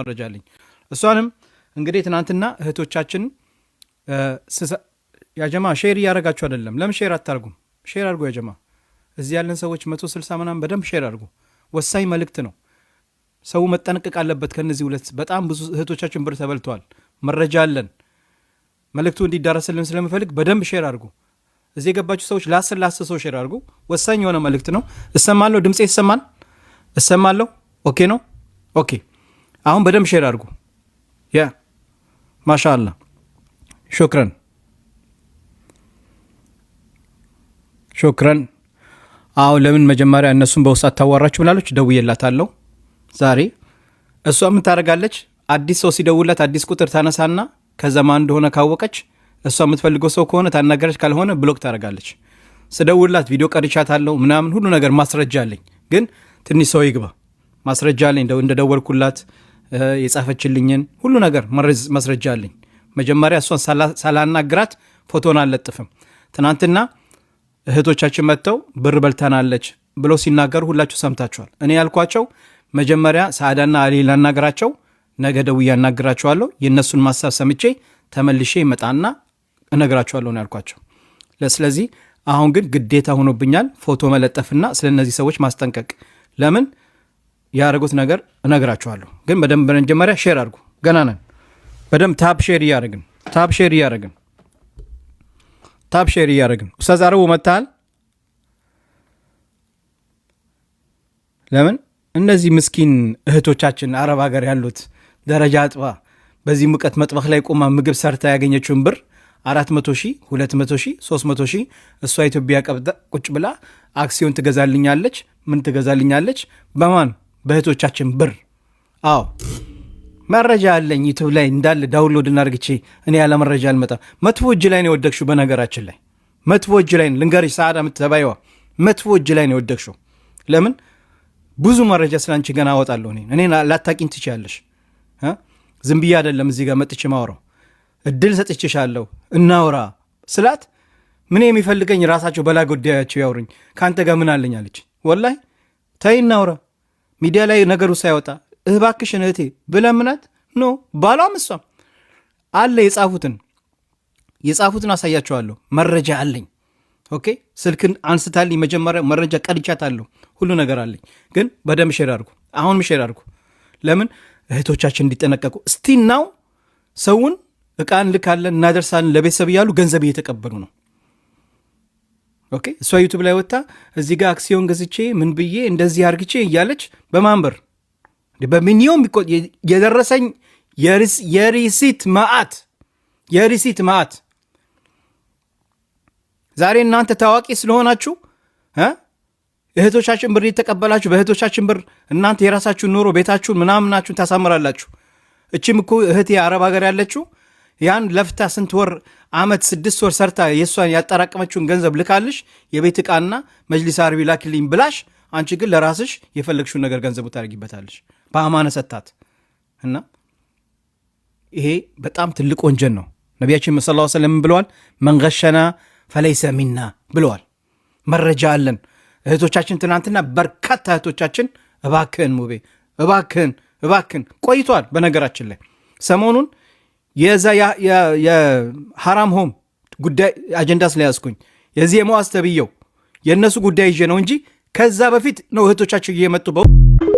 መረጃ አለኝ። እሷንም እንግዲህ ትናንትና እህቶቻችን ያጀማ ሼር እያደረጋችሁ አይደለም። ለምን ሼር አታርጉም? ሼር አድርጉ ያጀማ። እዚህ ያለን ሰዎች መቶ ስልሳ ምናምን በደንብ ሼር አድርጉ። ወሳኝ መልእክት ነው። ሰው መጠንቀቅ አለበት። ከነዚህ ሁለት በጣም ብዙ እህቶቻችን ብር ተበልተዋል። መረጃ አለን። መልእክቱ እንዲዳረስልን ስለምፈልግ በደንብ ሼር አድርጉ። እዚህ የገባችሁ ሰዎች ለአስር ለአስር ሰው ሼር አድርጉ። ወሳኝ የሆነ መልእክት ነው። እሰማለሁ። ድምፄ ይሰማል? እሰማለሁ። ኦኬ ነው። ኦኬ አሁን በደንብ ሼር አድርጉ። ያ ማሻአላ ሾክረን ሾክረን። አዎ ለምን መጀመሪያ እነሱን በውስጥ አታዋራችሁ ብላለች። ደውዬላታለሁ ዛሬ። እሷ ምን ታደርጋለች? አዲስ ሰው ሲደውላት አዲስ ቁጥር ታነሳና ከዘማ እንደሆነ ካወቀች እሷ የምትፈልገው ሰው ከሆነ ታናገረች፣ ካልሆነ ብሎክ ታደርጋለች። ስደውላት ቪዲዮ ቀርቻታለሁ ምናምን ሁሉ ነገር ማስረጃ አለኝ፣ ግን ትንሽ ሰው ይግባ ማስረጃ አለኝ እንደደወልኩላት የጻፈችልኝን ሁሉ ነገር መስረጃ አለኝ። መጀመሪያ እሷን ሳላናግራት ፎቶን አልለጥፍም። ትናንትና እህቶቻችን መጥተው ብር በልተናለች ብለው ሲናገሩ ሁላችሁ ሰምታችኋል። እኔ ያልኳቸው መጀመሪያ ሳዳና አሊ ላናገራቸው፣ ነገ ደውዬ አናግራቸዋለሁ። የእነሱን ማሳብ ሰምቼ ተመልሼ ይመጣና እነግራቸዋለሁ ነው ያልኳቸው። ስለዚህ አሁን ግን ግዴታ ሆኖብኛል ፎቶ መለጠፍና ስለነዚህ ሰዎች ማስጠንቀቅ ለምን ያደረጉት ነገር እነግራችኋለሁ። ግን በደንብ መጀመሪያ ሼር አድርጉ። ገና ነን። በደንብ ታብ ሼር እያደረግን ታብ ሼር እያደረግን ታብ ሼር እያደረግን ኡስታዝ አረቡ መጥተሃል። ለምን እነዚህ ምስኪን እህቶቻችን አረብ ሀገር ያሉት ደረጃ አጥባ በዚህ ሙቀት መጥበክ ላይ ቆማ ምግብ ሰርታ ያገኘችውን ብር አራት መቶ ሺህ ሁለት መቶ ሺህ ሶስት መቶ ሺህ እሷ ኢትዮጵያ ቁጭ ብላ አክሲዮን ትገዛልኛለች፣ ምን ትገዛልኛለች በማን በእህቶቻችን ብር። አዎ መረጃ አለኝ። ዩቱብ ላይ እንዳለ ዳውንሎድ እናርግቼ እኔ ያለ መረጃ አልመጣም። መጥፎ እጅ ላይ ነው የወደቅሽው። በነገራችን ላይ መጥፎ እጅ ላይ ልንገርሽ፣ ሰዓዳ ምትተባይዋ መጥፎ እጅ ላይ ነው የወደቅሽው። ለምን ብዙ መረጃ ስለ አንቺ ገና አወጣለሁ። እኔ እኔ ላታቂኝ ትችያለሽ። ዝም ብዬ አይደለም እዚህ ጋር መጥቼ ማውረው እድል ሰጥቼሻለሁ፣ እናውራ ስላት ምን የሚፈልገኝ ራሳቸው በላይ ጉዳያቸው ያውሩኝ፣ ከአንተ ጋር ምን አለኝ አለች። ወላይ ተይ እናውራ ሚዲያ ላይ ነገሩ ሳይወጣ እባክሽን እህቴ ብለምናት ኖ ባሏም እሷም አለ የጻፉትን የጻፉትን አሳያቸዋለሁ። መረጃ አለኝ። ኦኬ ስልክን አንስታልኝ መጀመሪያ መረጃ ቀድቻታለሁ። ሁሉ ነገር አለኝ። ግን በደም ሼር አድርጉ፣ አሁንም ሼር አድርጉ። ለምን እህቶቻችን እንዲጠነቀቁ እስቲ ናው ሰውን እቃ እንልካለን እናደርሳለን ለቤተሰብ እያሉ ገንዘብ እየተቀበሉ ነው። ኦኬ እሷ ዩቱብ ላይ ወጥታ እዚህ ጋር አክሲዮን ገዝቼ ምን ብዬ እንደዚህ አርግቼ እያለች በማንበር በሚኒዮን የደረሰኝ የሪሲት ማአት የሪሲት ማአት ዛሬ እናንተ ታዋቂ ስለሆናችሁ እህቶቻችን ብር እየተቀበላችሁ በእህቶቻችን ብር እናንተ የራሳችሁን ኑሮ ቤታችሁን ምናምናችሁን ታሳምራላችሁ። እችም እኮ እህቴ አረብ ሀገር ያለችው ያን ለፍታ ስንት ወር አመት ስድስት ወር ሰርታ የእሷን ያጠራቀመችውን ገንዘብ ልካልሽ የቤት ዕቃና መጅሊስ አርቢ ላክልኝ ብላሽ፣ አንቺ ግን ለራስሽ የፈለግሽውን ነገር ገንዘቡ ታደርጊበታለሽ። በአማነ ሰታት እና ይሄ በጣም ትልቅ ወንጀል ነው። ነቢያችን ስ ላ ሰለም ብለዋል፣ መንገሸና ፈለይሰ ሚና ብለዋል። መረጃ አለን። እህቶቻችን ትናንትና በርካታ እህቶቻችን እባክህን ሙቤ፣ እባክህን እባክህን ቆይቷል። በነገራችን ላይ ሰሞኑን የዛ የሐራም ሆም ጉዳይ አጀንዳ ስለያዝኩኝ የዚህ የመዋስ ተብየው የእነሱ ጉዳይ ይዤ ነው እንጂ ከዛ በፊት ነው እህቶቻቸው እየመጡ በው